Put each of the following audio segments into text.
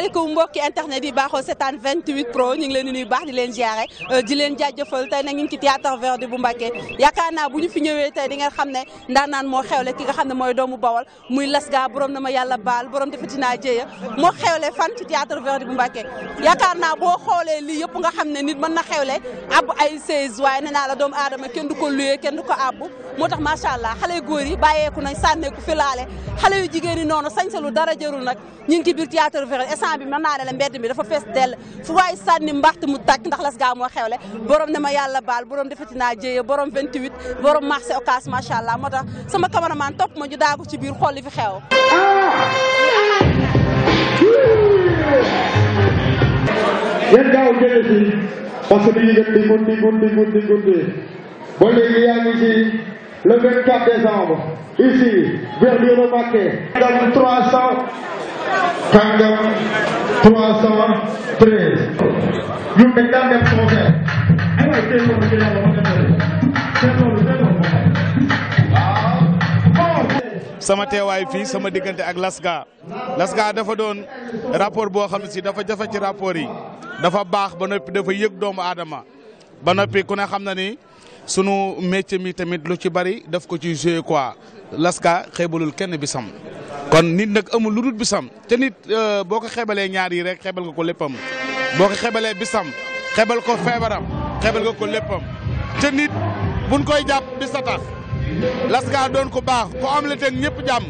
asalaamaaleykum mbokki internet yi baaxoo seetaan 28 pro ñu ngi leen di nuyu baax di leen ziare euh, di leen jaajëfal tey na ngi ci théâtre Verdi bu Mbacké yaakaar naa bu ñu fi ñëwee tey xam ne ndaanaan moo xewle ki nga xam ne mooy doomu Bawol muy Lasga borom na ma yàlla baal borom defati naa jéeya moo xewle fan ci théâtre Verdi bu Mbacké yaakaar naa boo xoolee lii yëpp nga xam ne ni man na xewle ab ay seize waaye nee naa la doomu aadama kenn du ko luyee kenn du ko àbb moo tax macha allah yi bàyyeeku nañ sànneeku filaale xale yu jigéen yi noonu sañsalu dara jërul nag ñu ngi ci instant bi mën naa ne la mbedd mi dafa fees dell fu waay sànni mbaxt mu tàkk ndax las gaa xewle borom ne ma yàlla baal borom defati naa jéye borom 28 borom marché occas macha allah moo tax sama cameraman topp ma ñu daagu ci biir xool li fi xew si parce que dañuy dem di guddi sama teewaay fii sama diggante ak laska Lasga dafa doon rapport boo xam si dafa jafe ci rapport yi dafa baax ba noppi dafa yëg doomu aadama ba noppi ku ne xam na ni sunu métier mi tamit lu ci bari daf ko ci joué quoi laska xeebalul kenn bisam. kon nit nag amul lu dul bisam te nit euh, boo ko xeebalee ñaar yi rek xeebal nga ko léppam boo ko xeebalee bisam xeebal ko feebaram xeebal nga ko léppam te nit buñ koy jàpp bis a tax Lasga doon ko baax ko am la teg ñëpp jàmm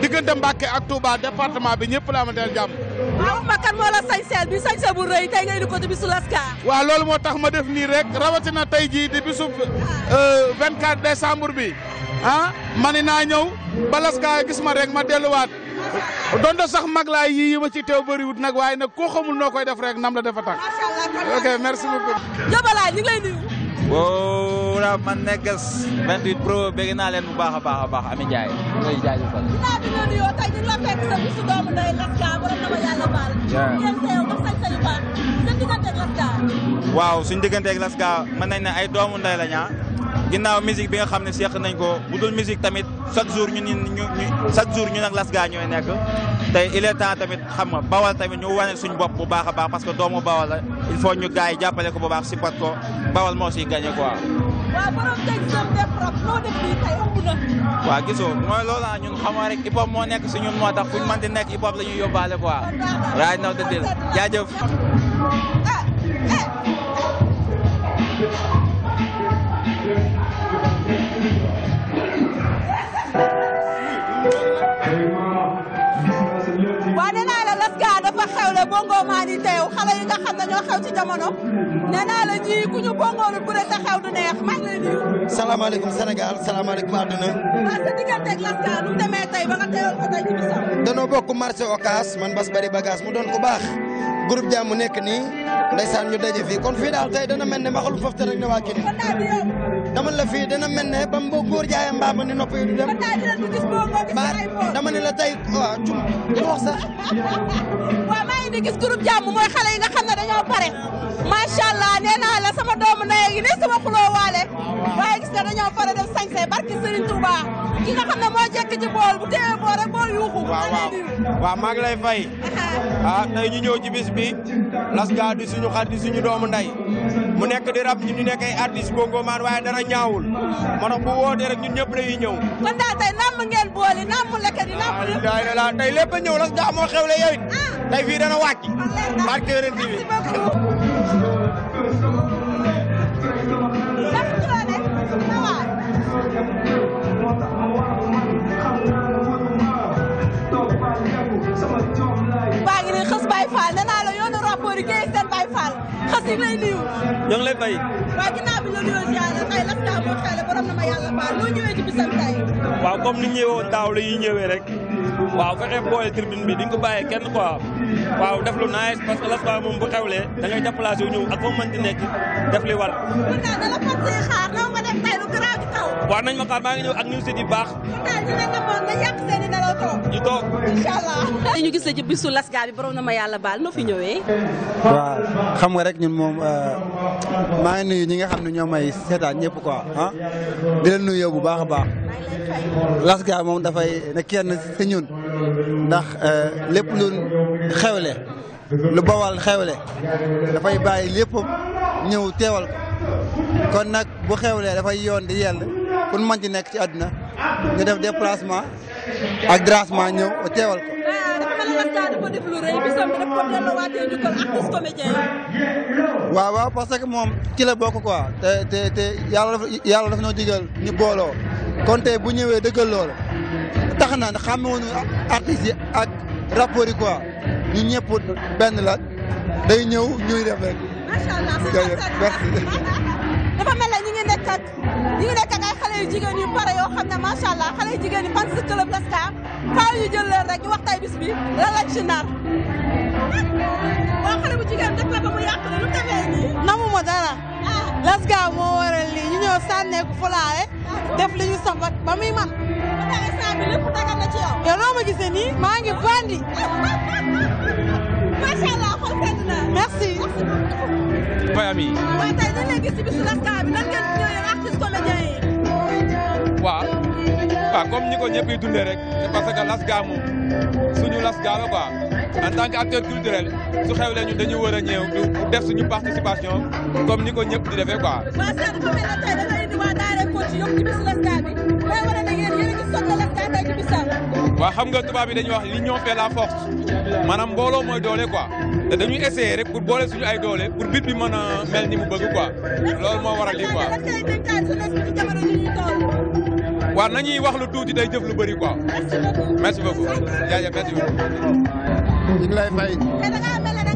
diggante Mbàkke ak Touba département bi ñëpp la amanteel jàmm. waaw ma kan moo la sañseel bi sañse bu rëy tey ngay di ko di bisu Lasga. waaw loolu moo tax ma def nii rek rawatina tey jii di bisu 24 euh, décembre bi ah mani naa ñëw. balaskaay gis ma rek ma delluwaat donte sax mag laa yii yi ma ci teew bariwut nag waaye nag ko xamul noo koy def rek nam la dafa tax ok merci beaucoup. Jobalaay ñu ngi lay waaw man nekkas 28 pro bëgg naa leen bu baax a baax a baax Ami Ndiaye ngay jaajëfal. ginnaaw bi nga nuyoo tey ñu la fekk sa nañ ne ay doomu ndey lañ ah ginnaaw musique bi xam ne seq nañ ko bu dul musique tamit chaque jour ñu ñu chaque jour ñu nag Lasca ñooy nekk. te il est temps tamit xam nga bawal tamit ñu wane suñu bopp bu baax a baax parce que doomu bawal la il faut ñu gars yi jàppale ko bu baax si pot ko bawal moo siy gagné quoi. waaw borom teg gisoo mooy loola ah, ñun xam nga rek hip moo nekk si moo tax fu ñu mën di nekk hip hop la yóbbaale quoi. right now naa la Lasga dafa xewle bongo maa ni teew xale yi nga xam ne ñoo xew ci jamono. nee naa la ñii ku ñu bongoolu bu rek taxaw du neex maa ngi lay nuyu. salaamaaleykum Sénégal salaamaaleykum àdduna. waaw sa digganteeg Lascar lu demee ba nga teyoon ko tey ci bisaw. bokk marché Ocass man bas bari bagage mu doon ku baax groupe jàmm nekk nii ndeysaan ñu daje fii kon fii daal tey dana mel ne maxalum foofu te rek ne waa dama la fii dina mel ne ba mu góor jaayee mbaam ni yi du dama ne la tey waaw cum du wax sax. waaw maa ngi di gis groupe jàmm mooy xale yi nga xam ne dañoo pare macha allah nee la sama doomu ndey yi ne sama xuloo waale waaye gis nga dañoo barki Serigne Touba ki nga xam ne moo jekk ci bool bu téyee bool rek yuuxu. waaw waaw waaw lay fay. ah tey ñu ñëw ci bis bi Lasga di suñu xar di suñu doomu ndey mu nekk di rab ñu nekk ay artiste bongo maan waaye dara ñaawul ma ne bu wootee rek ñun ñëpp dañuy ñëw. kon daal tey namm ngeen booli namm lekkat yi namm lépp. daay la tey lépp a ñëw la daa moo xewle yow it. tey fii dana wàcc. barke Yonent bi ñu ngi lay nuyu. ñoo ngi lay bay. waaw ginnaaw bi la star moo xale borom na ma yàlla baal noo ñëwee ci bisam tey. waaw comme ni ñëwoon la ñuy ñëwee rek. waaw fexe boole tribune bi di nga ko bàyyee kenn quoi. waaw def lu nice parce que bu xewlee da ngay déplacé wu ñëw ak foo mën di nekk def xaar loo ma def tey waaw nañ ma xaar maa ngi ñu i nelaw toog. ñu gis la ci bisu lasga bi na ma yàlla baal noo fi ñëwee. waaw xam nga rek ñun moom euh, maa ngi nuyu ñi nga xam ne ñoo may seetaan ñëpp ko ah di leen nuyoo bu baax a baax. lasga moom dafay ne kenn si ndax euh, lépp lu xewle lu bawal xewle dafay bàyyi lépp ñëw teewal kon nag bu xewlee dafay yoon di yell. fu nu mën ci nekk ci àdduna ñu def déplacement ak dérangement ñëw teewal ko. waaw waaw moom kilo la bokk quoi te te te yàlla dafa yàlla dafa ñu booloo kon tey bu ñëwee dëggal loolu tax na xamuñu artistes yi ak rapport yi quoi ñu ñëpp benn la day ñëw ñuy def rek. allah merci. dafa ñu ngi nekk ñu nekk ak ay xale yu jigéen yu pare yoo xam ne macha xale yu jigéen yi fan si club Lascar faaw ñu rek ñu wax tey bis bi lan lañ xale bu jigéen def namu ma dara. Ah. Lascar moo waral lii ñu ñëw sànneeku fulaare def li ñu sambat ba muy man ba instant bi lépp maa ngi bandi. macha allah xool na. merci. Miami. waaw tey dañ lay gis ci bisu Lascar bi nan yi. waaw waaw comme ñi ko ñëpp di dundee rek c'est parce que Lascar moom suñu Lascar la quoi en tant que acteur culturel ñu dañu a ñëw du def suñu participation comme ni ko ñëpp di defee quoi. waaw Seydou xam nga tey da ngay indi waa Daara Koci yëpp ci bisu Lascar bi day war a nekk yéen yéen a ngi soxla Lascar xam nga tubaab yi dañuy wax l'union fait la force. maanaam mbooloo mooy doole quoi te dañuy essayer rek pour boole suñu ay doole pour bit bi mën a mel ni mu bëgg quoi loolu moo waral lii quoi. waaw nañuy wax lu tuuti day jëf lu bëri quoi. merci beaucoup jaajëf merci beaucoup. ñu lay fay.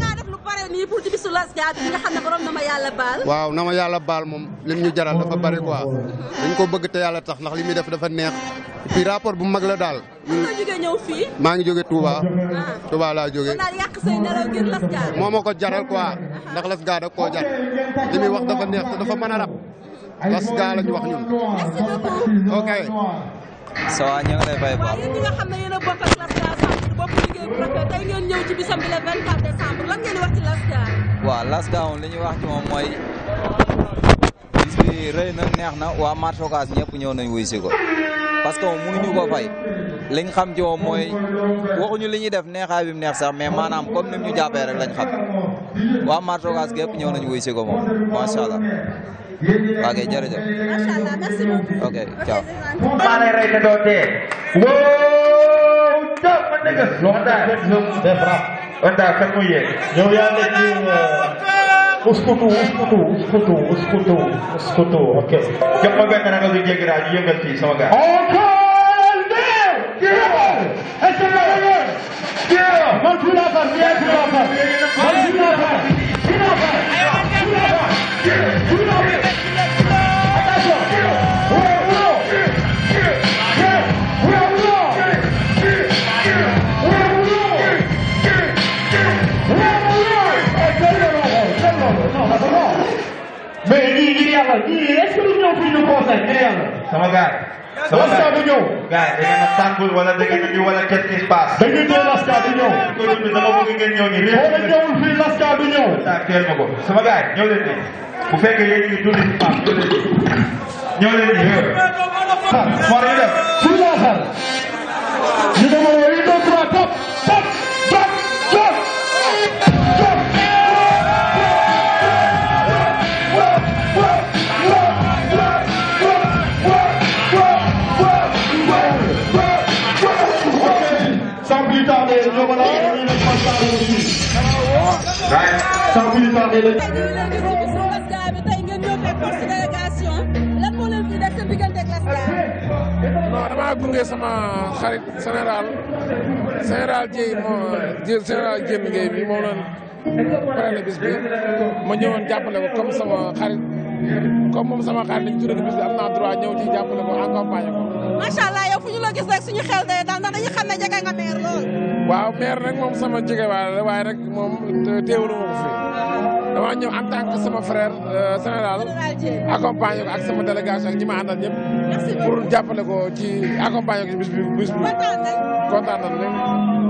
pour di bisu las gaat nga xam ne borom na ma yàlla baal. waaw na ma yàlla baal moom lim ñu jaral dafa bari quoi dañ ko bëgg te yàlla tax ndax li muy def dafa neex puis rapport bu mag la daal. maa ngi jógee ñëw fii. maa ah. moo ma ko jaral quoi ndax las gaat da koo jar li wax dafa neex te dafa mën a rab las gaat lañ wax ñun. ok. ça va ñu ngi lay fay bu nga xam ne yéen a bokk las gaat bopp liggéey bu le 24 décembre lan ngeen waaw Lascar li wax ci na neex na waa marché Ocass ñëpp ñëw nañ wuy si ko parce que moom mënuñu ko fay liñ xam ci moom mooy waxuñu li ñuy def neexaay bi mu neex sax mais maanaam comme ni ñu jàppee rek lañ xam waa marché Ocass ñëw nañ wuy ko moom dëgg man dëgg. ñoom des frappes. Onda kan mu yegg. ñoom yaa nekk ci uskutu uskutu uskutu uskutu uskutu ok. képp ma benn ragal bi jéggi daal ñu yëngal fii sama gars. encore. yàlla ñii est-ce que ñu ñëw pour ñu conseil mais yàlla. sama gars yi. sama gars yi ñëw. gars yi da ngeen a tàngul wala da ngeen a ñu wala qu'est-ce qui se passe. dañuy ñëw laska du ñëw. dama bëgg ngeen ñëw nii. boo leen ñëwul fii laska du ñëw. ah teel ma ko sama gars yi ñëw leen nii. bu fekkee yéen ñi dund ci paam ñëw leen nii. ñëw leen nii. ah Mor ñu dem. pour la xar. ñu demoon sensibiliser leen. non damaa gunge sama xarit général général Dieng moo général Dieng Gueye moo doon paree bis bi ma ñëwoon jàppale ko comme sama xarit sama xarit dañu tuddee bis bi am naa droit ñëw ci jàppale ko accompagner ko. macha allah yow fu ñu la gis rek suñu xel day daal ne jege nga maire waaw maire nag moom sama jegewaay la waaye rek moom teewlu fi. dama ñëw en tant sama frère euh, général accompagné ak sama délégation ak ñi ma àndal ñëpp ko ci accompagné ko ci bis bi bis bi kontaan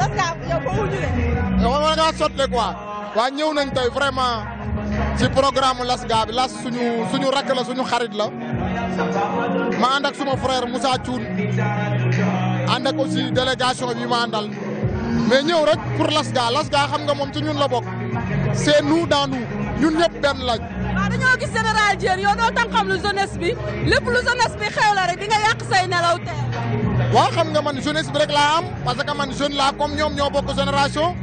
Lascar yow foofu ñu ne. yow war waa ñëw nañ tey vraiment ci programme Lasgar bi las suñu suñu rakk la suñu xarit la ma ànd suma frère musa Thioune ànd ak aussi délégation bi ma àndal mais ñëw rek pour Lasgar Lasgar xam nga moom ci ñun la bokk seen nous dans ñun ñëpp benn lañ. waaw dañoo gis général Diène yow doo tam xam lu jeunesse bi lépp lu jeunesse bi xew la rek di yàq say nelaw waaw xam nga man jeunesse bi rek laa am parce man jeune laa comme ñoom ñoo bokk génération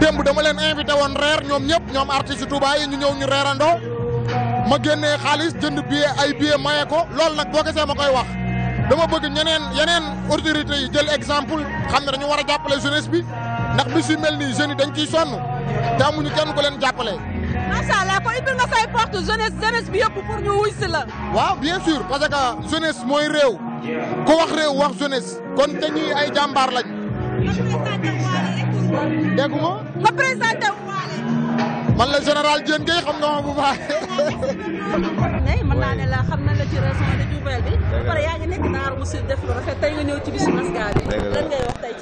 démb dama leen invité woon reer ñoom ñëpp ñoom artiste Touba yi ñu ñëw ñu reerandoo ma génnee xaalis jënd billet ay billet maye ko loolu nag boo gisee ma koy wax dama bëgg ñeneen yeneen autorités yi jël exemple xam ne dañu war a jàppale jeunesse bi ndax bi si mel nii jeunes yi dañ ciy sonn te amuñu kenn ko leen jàppale. macha allah kon ubbil nga say porte jeunesse bi yëpp pour ñu wuy mooy réew. ku wax réew wax jeunesse kon te ñuy ay jàmbaar lañ. dégg nga. man la général Diène Gueye xam nga ma bu baax. mën yaa ngi nekk naar mu def lu rafet tey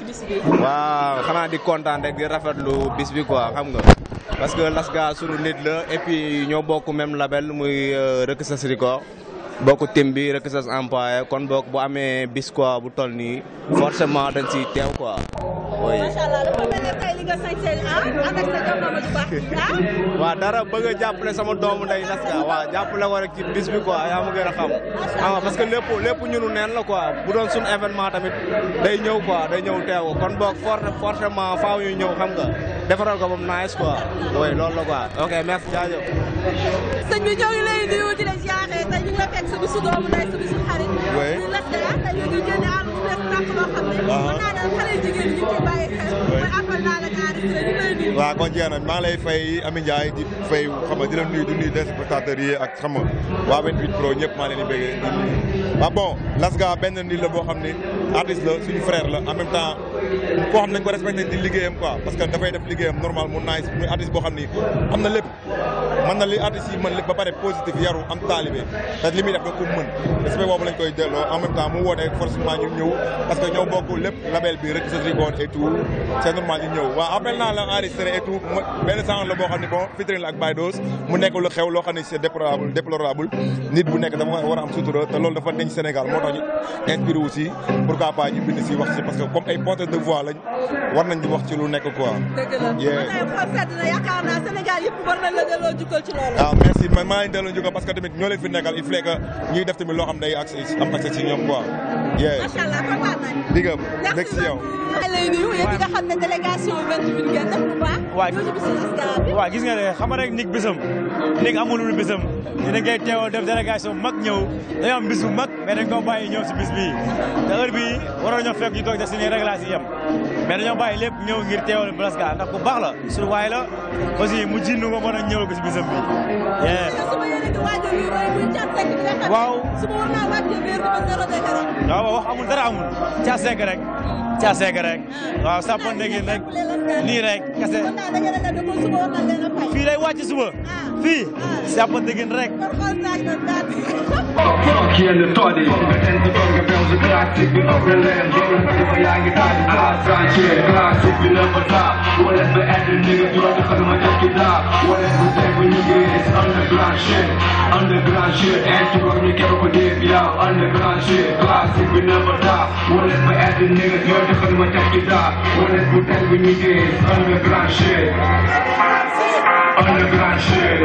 bis bi. waaw rafetlu bis bi quoi xam nga. parce que Lasga sunu nit la et puis ñoo bokk même label muy euh, Rëkk Sa Sirikor bokk tim bi rek sas employé kon boog bu amee bis quoi bu tol nii forcément dañ siy teew quoi. oui macha allah dafa mel ne tey li nga sañse ah ak sa jamono ah? dara bëgg a jàppale sama doomu ndey Laska waaw jàppale ko rek ci bis bi quoi yaa mu gën a xam. Ah, parce que lépp lépp ñunu neen la quoi bu doon suñu événement tamit day ñëw quoi day ñëw teew ko kon boog for forcément faaw ñu ñëw xam nga. defaral ko ba mu nice quoi oui loolu la quoi ok merci jaajëf. sëñ bi ñoo lay nuyu di la ziare tey ñu ngi la fekk suñu su doomu ndey suñu ah. naa la nga enregistré ñu lay nuyu. waaw kon jeex na maa lay fay Ami Ndiaye di fay xam nga di la nuyu di nuyu ak xam nga waa 28 pro ñëpp maa leen di bëggee di nuyu. ah bon Lasga benn nit la boo xam ne artiste la suñu frère la en même koo xam nañ ko respecté di liggéeyam quoi parce que dafay def liggéeyam normal mu nice muy artiste boo xam ni am na lépp mën na li artiste yi mën lépp ba pare positif yaru am taalibe te li muy def da ko respect boobu lañ koy delloo en même temps mu wootee forcément ñu ñëw parce que ñëw bokk lépp label bi rek sa trigoon et tout normal ñu ñëw waaw appel naa la enregistré et tout benn sang la boo xam ne bon vitrine ak Baydos mu nekk lu xew loo a de voix lañ war nañ di wax ci lu nekk ko dëgg la na ah, merci man delloo jukkal parce que tamit ñoo leen fi nekkal il faut ñuy def tamit loo xam day accès am accès ci ñoom quoi. macha allah gis nga ne xam rek nit bisam nit amul lu bisam ñu ne teewoo def délégation mag ñëw dañoo am bis mag mais dañ koo bàyyi ñëw si bis bii te a bii fekk ñu toog def suñuy réglage yi yem mais dañoo bàyyi lépp ñëw ngir teewal Blaise Gare ndax ku baax la suñu waay la aussi mu jinnu nga mën a ñëwal waaw. waaw wax amul dara amul caa seeg rek caa seeg rek waaw sàppante gi rek nii rek kese fii lay wàcc suba fii sàppante gi rek. take me never die. Whatever every nigga, you have to cut my neck to die. Whatever take me nigga, it's underground shit. Underground shit, and to rock me, can't forgive y'all. Underground shit, classic, we never die. Whatever every nigga, you have to cut my neck to die. Whatever take me nigga, it's underground shit. Underground shit.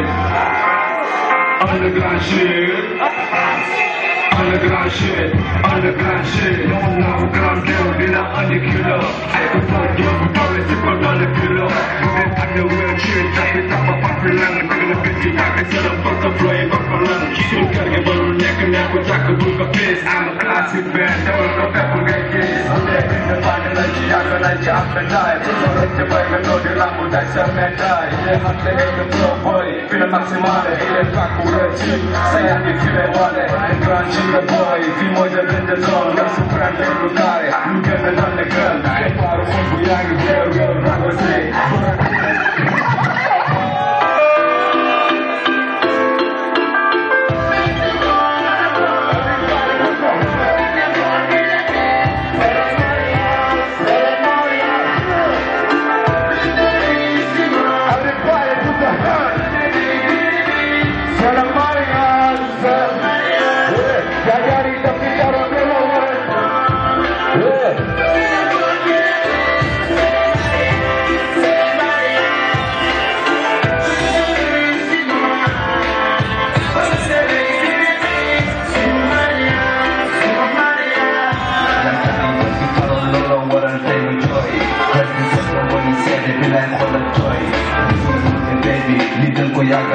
Underground shit. Underground shit, underground shit Don't know ground deal, then I underkiller Everybody give a dollar, tip a dollar killer Then underwear shit, type it up, I'm popular Kagana bitchy, I can tell I'm fucked up, right, fuck around She's gonna get a bottle neck and I will talk a book of piss I'm a classic band, I'm a मुलांची आकलाची आपण नाय प्रत्येक बैल नोडी लागू त्याच्या मेटाय इले हाते गेले प्रोपरी फिले maksimale इले काकू रची सयानी फिले वाले ग्रांची द बॉय ती मोजा बिंद झोन नसू फ्रेंड लेकू कारे you get the done the girl पारू फुल बुयागी गेल गेल रागो से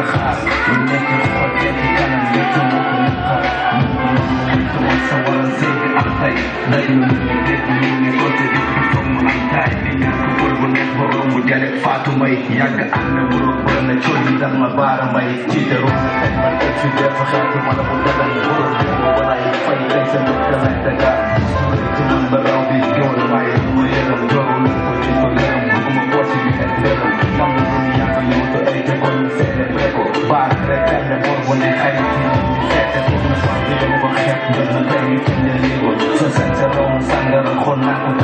الخاص والناس الأخرى كانت تعلم لكن ممكن نبقى ممكن واتصور ازاي بالأخطاء دايما بالذات مني كنت بتكون معي الناس والبنات برهم وجالك فاطمي يقع أحنا وربنا تشولي دغنا بارا ما يتجدرون أجمل في دافع خاتم أنا بلدن برهم وراي فاي ليس مكتمل دقا من برا เดินเต้นกินเดลิเวอรี่เธอสั่งจะลงสั่งกับคนรัก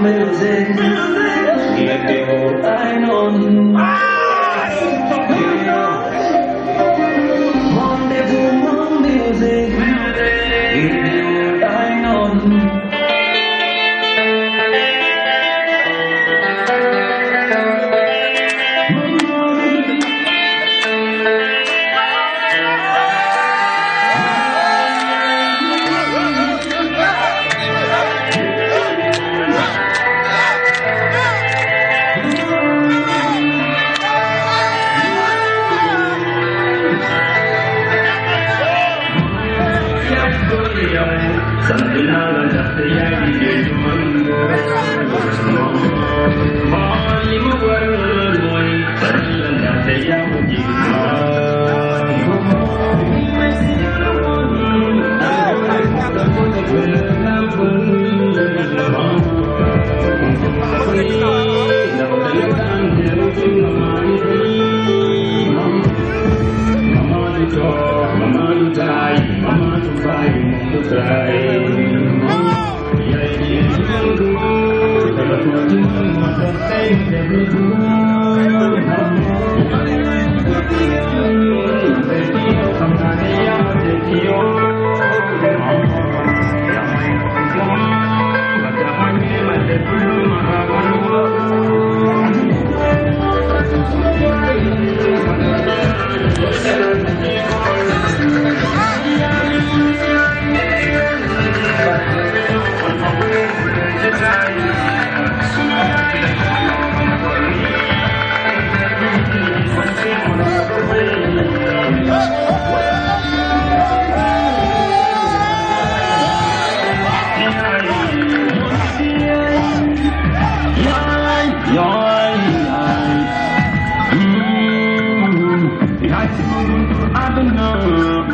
Music, let the whole I know.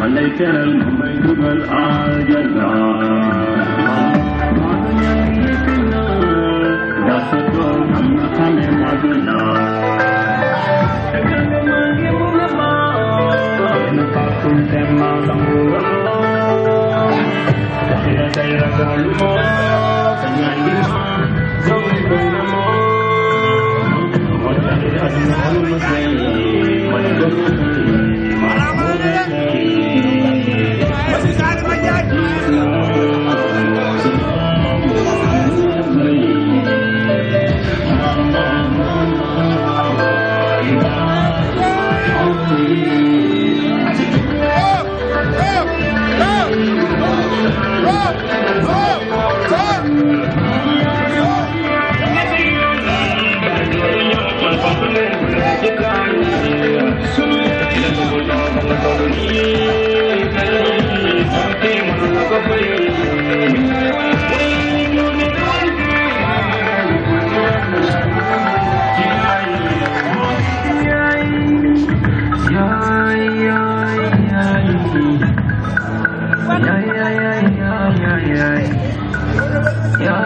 wallay teral moom may dugal aljanna Thank you. rock, rock. Yeah.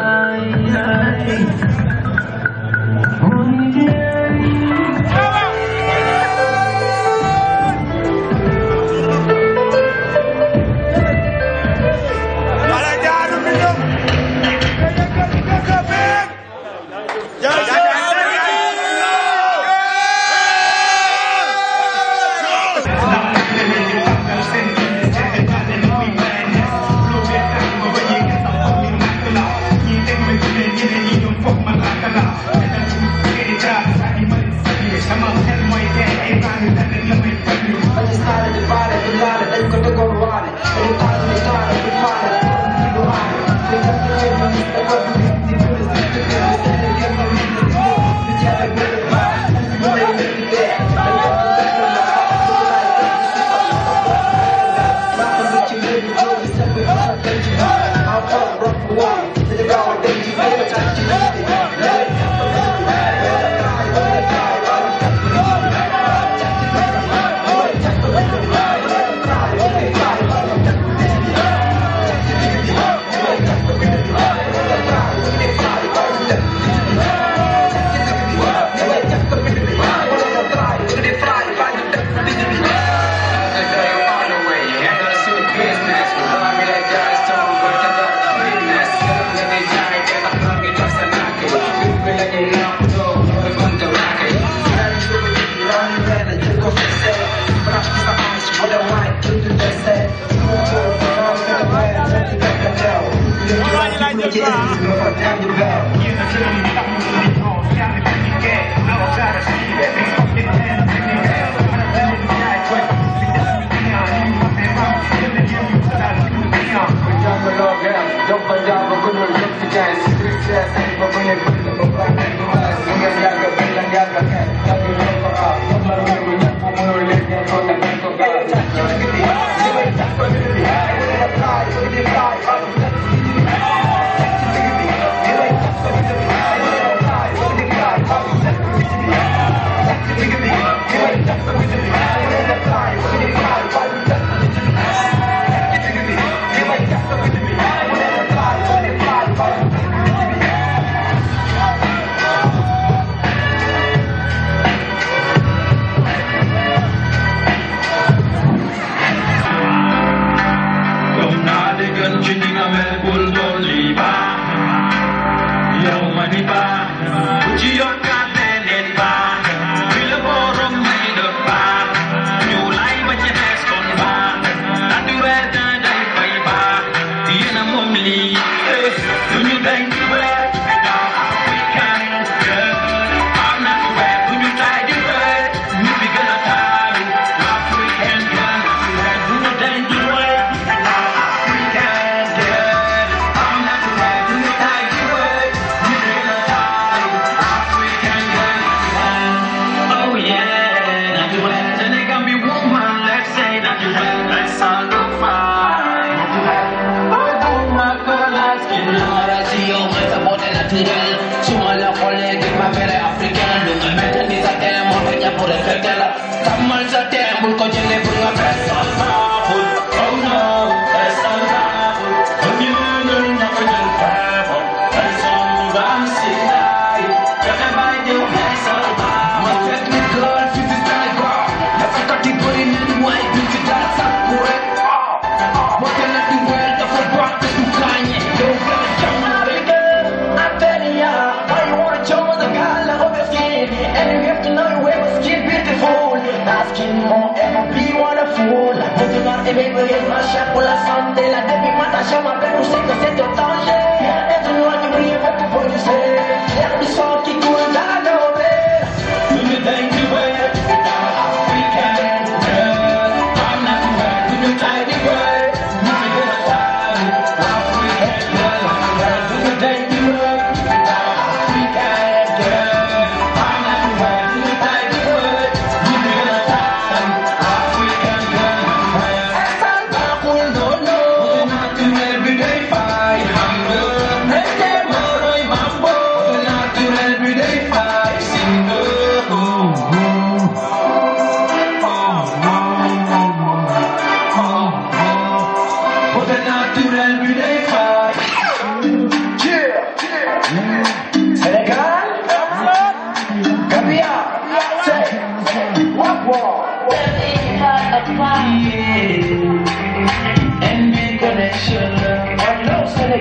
a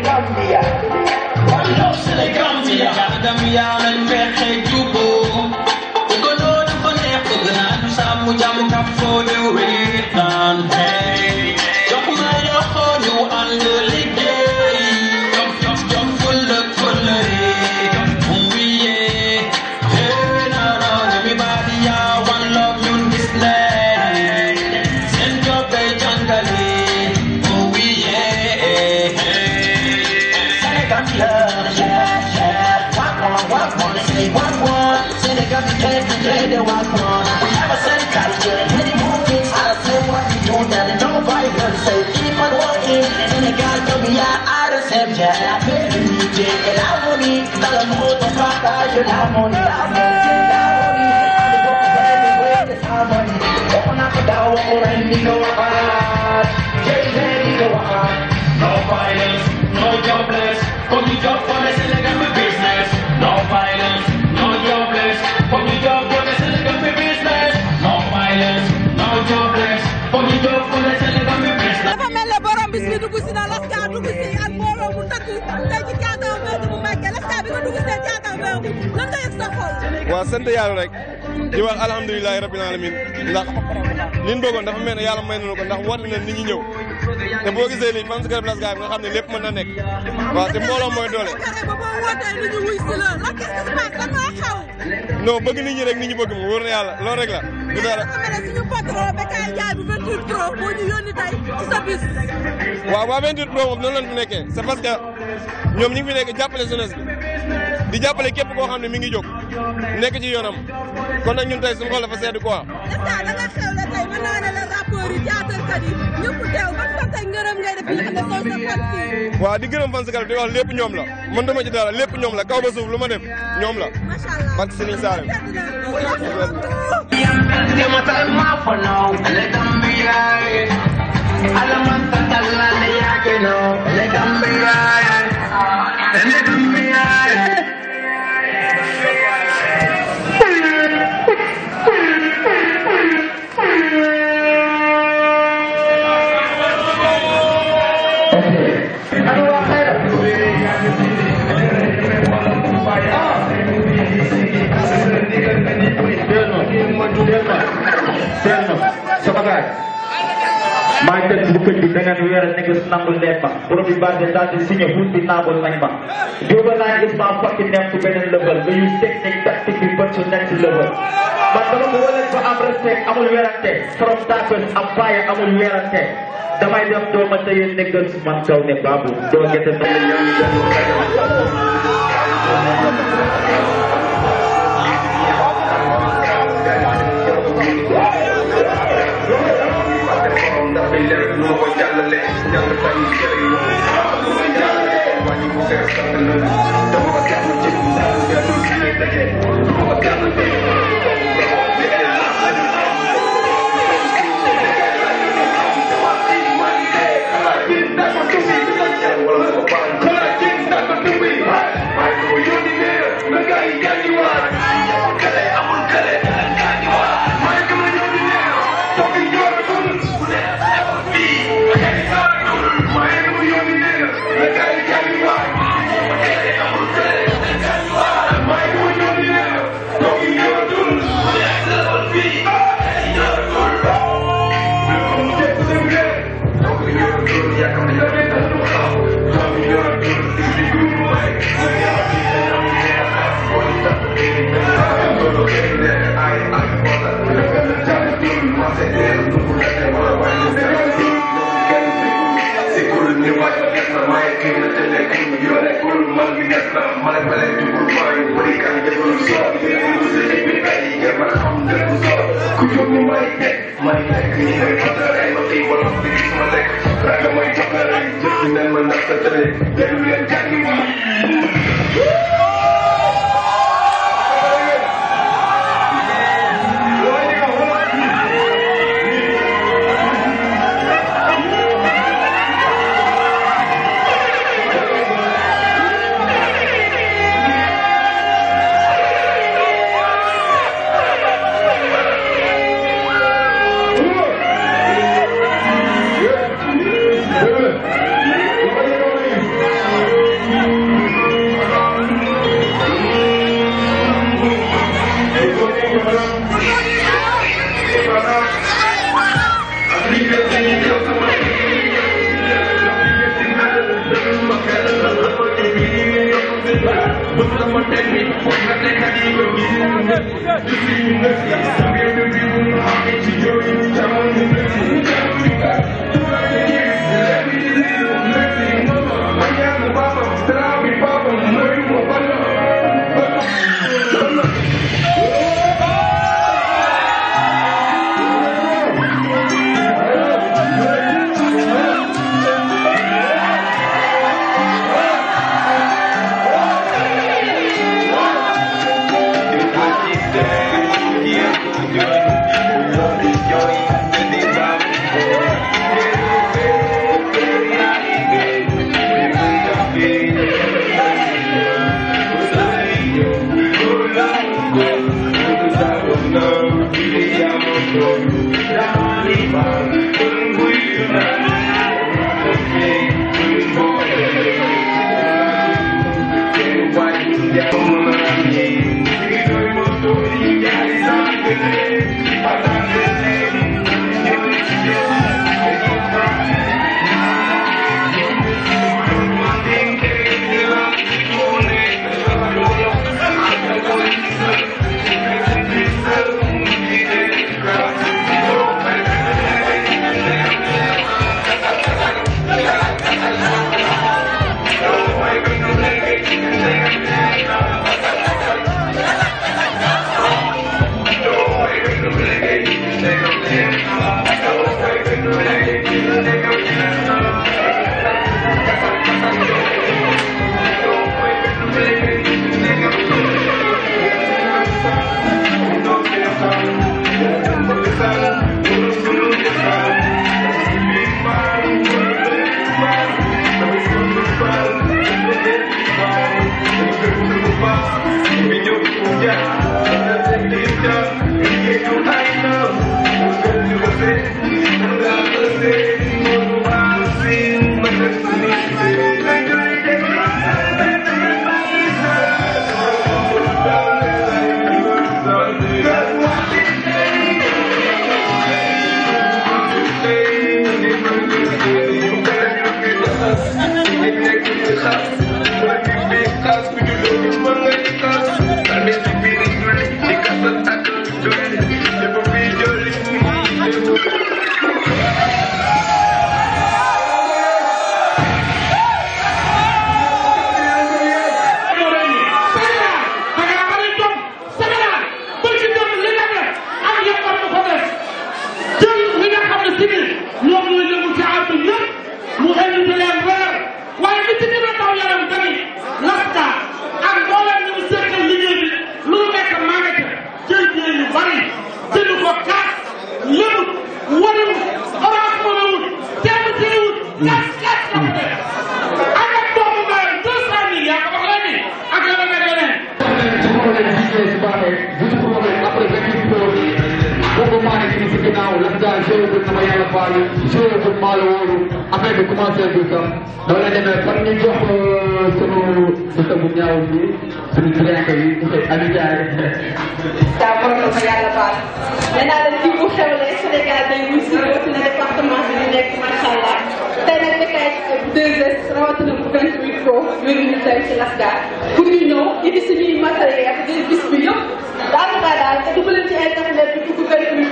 Gambia. شارع بالدي العموني ظلم وتفاقا يلعموني العموني العموني انا بوحدي وين تسعموني وانا قدعوا وعندي tey ci Thiatou Mbeokou bu Mbacké l'instant bi nga nga yëg sa sant yàlla rek di wax alhamdulilah rabbil alamin ndax li ñu bëggoon dafa mel yàlla may nañu ko ndax war na nit ñi ñëw te boo gisee lii fan si nga xam ne lépp mën na nekk waaw te mbooloo mooy doole. non bëgg nit ñi rek nit ñi bëgg ma wóor na yàlla loolu rek la. du a mais suñu patron Bécaye Ndiaye bu moo ñu yónni tey ci sa bis. waaw waa 28 Pro moom noonu la ñu fi nekkee c'est ñoom ñu ngi fi nekk jàppale jeunesse bi. di jàppale képp koo xam ne mi ngi jóg nekk ci yoonam kon nag ñun tey suñu xol dafa sedd quoi. instant da nga xew la tey mën naa ne la rapport yi jaatalkat yi ñëpp teew ngërëm ngay def li nga xam ne di gërëm fan si di wax lépp ñoom la man dama ci lépp ñoom la kaw ba suuf lu ma def ñoom la. macha allah barke Serigne Saalum. Alamanta le cambiaré, le cambiaré. maa tëdd bu këj bi beneen weer a nekk nangul leen ma borom bi baax de daal di signé buut bi naagul nañ ma jóoba naa gis maa fakki nekk ci beneen level nga use technique tactique bi bët su next level man dama ko waleen ba am respect amul weerante from tappes am faaya amul weerante damay def dooma tëye néggal man kaw ne baabu doo gete ma Thank you. mala mala dugub fay bëri kan deful soo deful sa jëmmi ay jabar am deful soo ku jóg may nekk may nekk ñu may fàttalee ma tey wala bi gis ma lekk raga may jox la rek jëf nan ma ndax sa tëre dellu leen jàngi ma Thank you.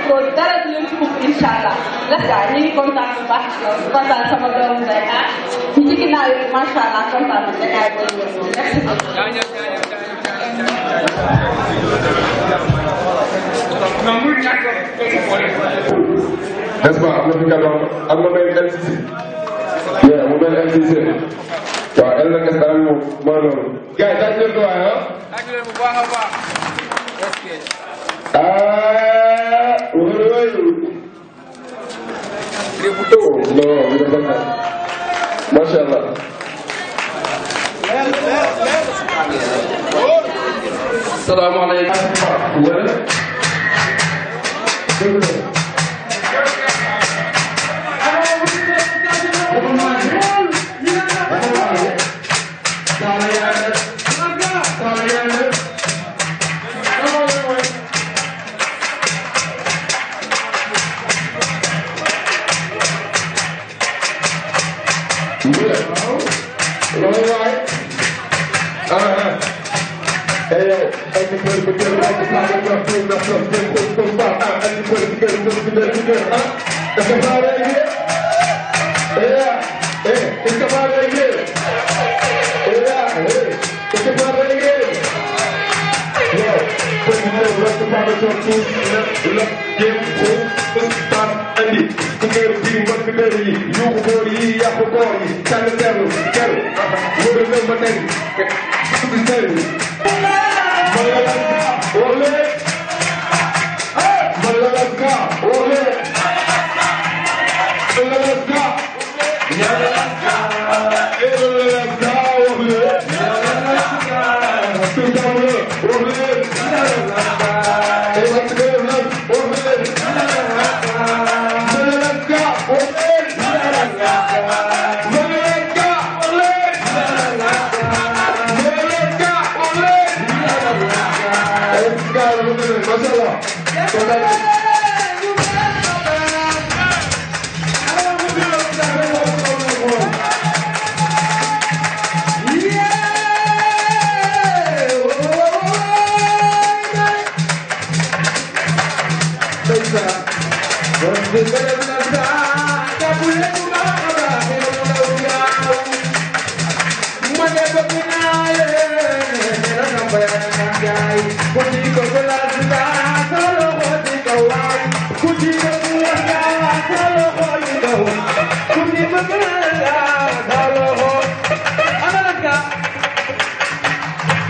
ko dara di leen suuf incha allah ndax daal ñu ngi kontaan bu baax kontaan sama doomu day ah ñu ci ginnaaw yi macha allah kontaan na dakaay booy wér moom merci N'est-ce pas am na fi gàllankoor am na benn MCC. oui mu mel MCC waaw El Hadj Ndara moom maa noonu. gars yi tàcc leen ko waaye ah. tàcc leen bu baax a baax. ah wóorul. lii bu tawoo. non lii dafa neex macha allah. salaamaaleykum. wala. dégg nga. anybody but your life is not enough to not from them folks don't stop out anybody because it doesn't get any good huh that's about it here yeah hey it's about it here yeah hey it's about it here yeah bring it home let's talk about your food let's let's get home let's start Andy ku ngeen bii man fi bëri yi yuuxu boor yi yàpp boor yi tànn teru teru wërë na ma nekk su bi teru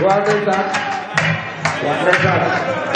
waaw ndeysaan waaw ndeysaan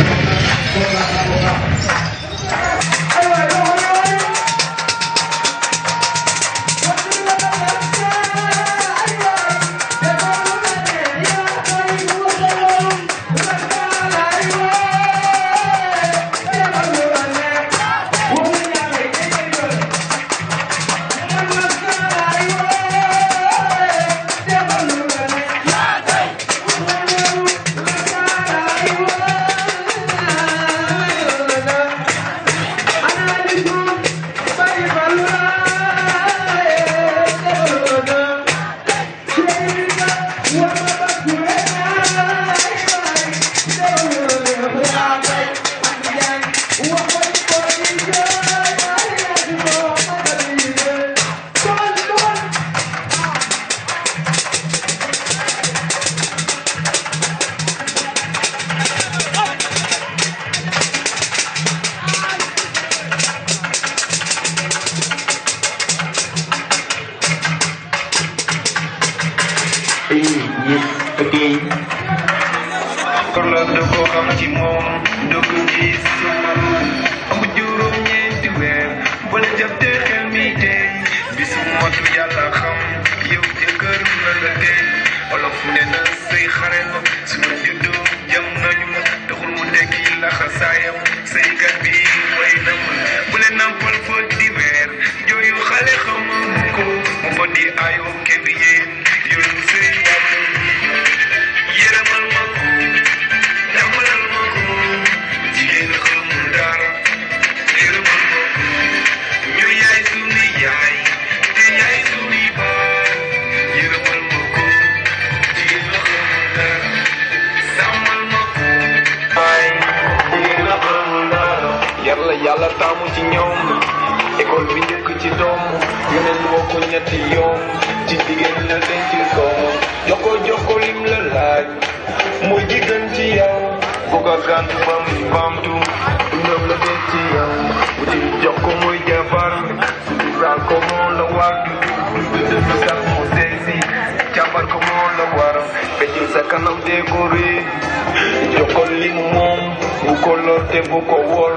bu ko wóol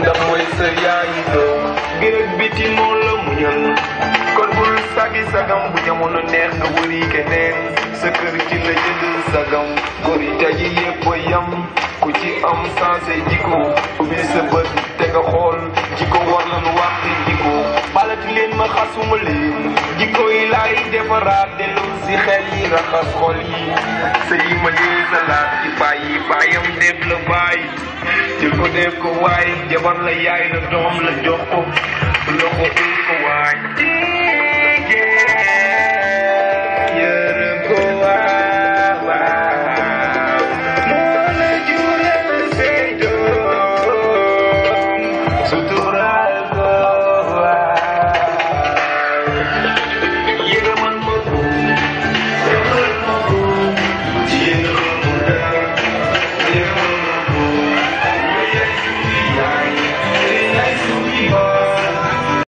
ndax mooy sa yaayi doom biir ak biti moo la muñal kon bul sagi sagam bu jamono neex nga wëri keneen sa kër ci la jënd sagam góor yi taji yépp a yam ku ci am sansé jiko ubbi sa bët te nga xool jiko war nañu waxti jiko balati ma xasuma leen defaraat dellu si xel yi raxas xol yi sëyi ma ñuy salaat ci bàyyi bàyyam def la bàyyi jël ko def ko waay jabar la yaay la doom la jox ko loxo uy ko